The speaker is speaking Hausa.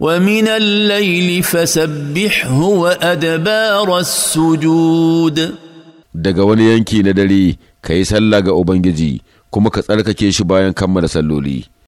ومن الليل فسبحه وأدبار السجود daga wani yanki na dare ka yi sallah ga Ubangiji kuma ka tsarkake shi bayan kammala salloli.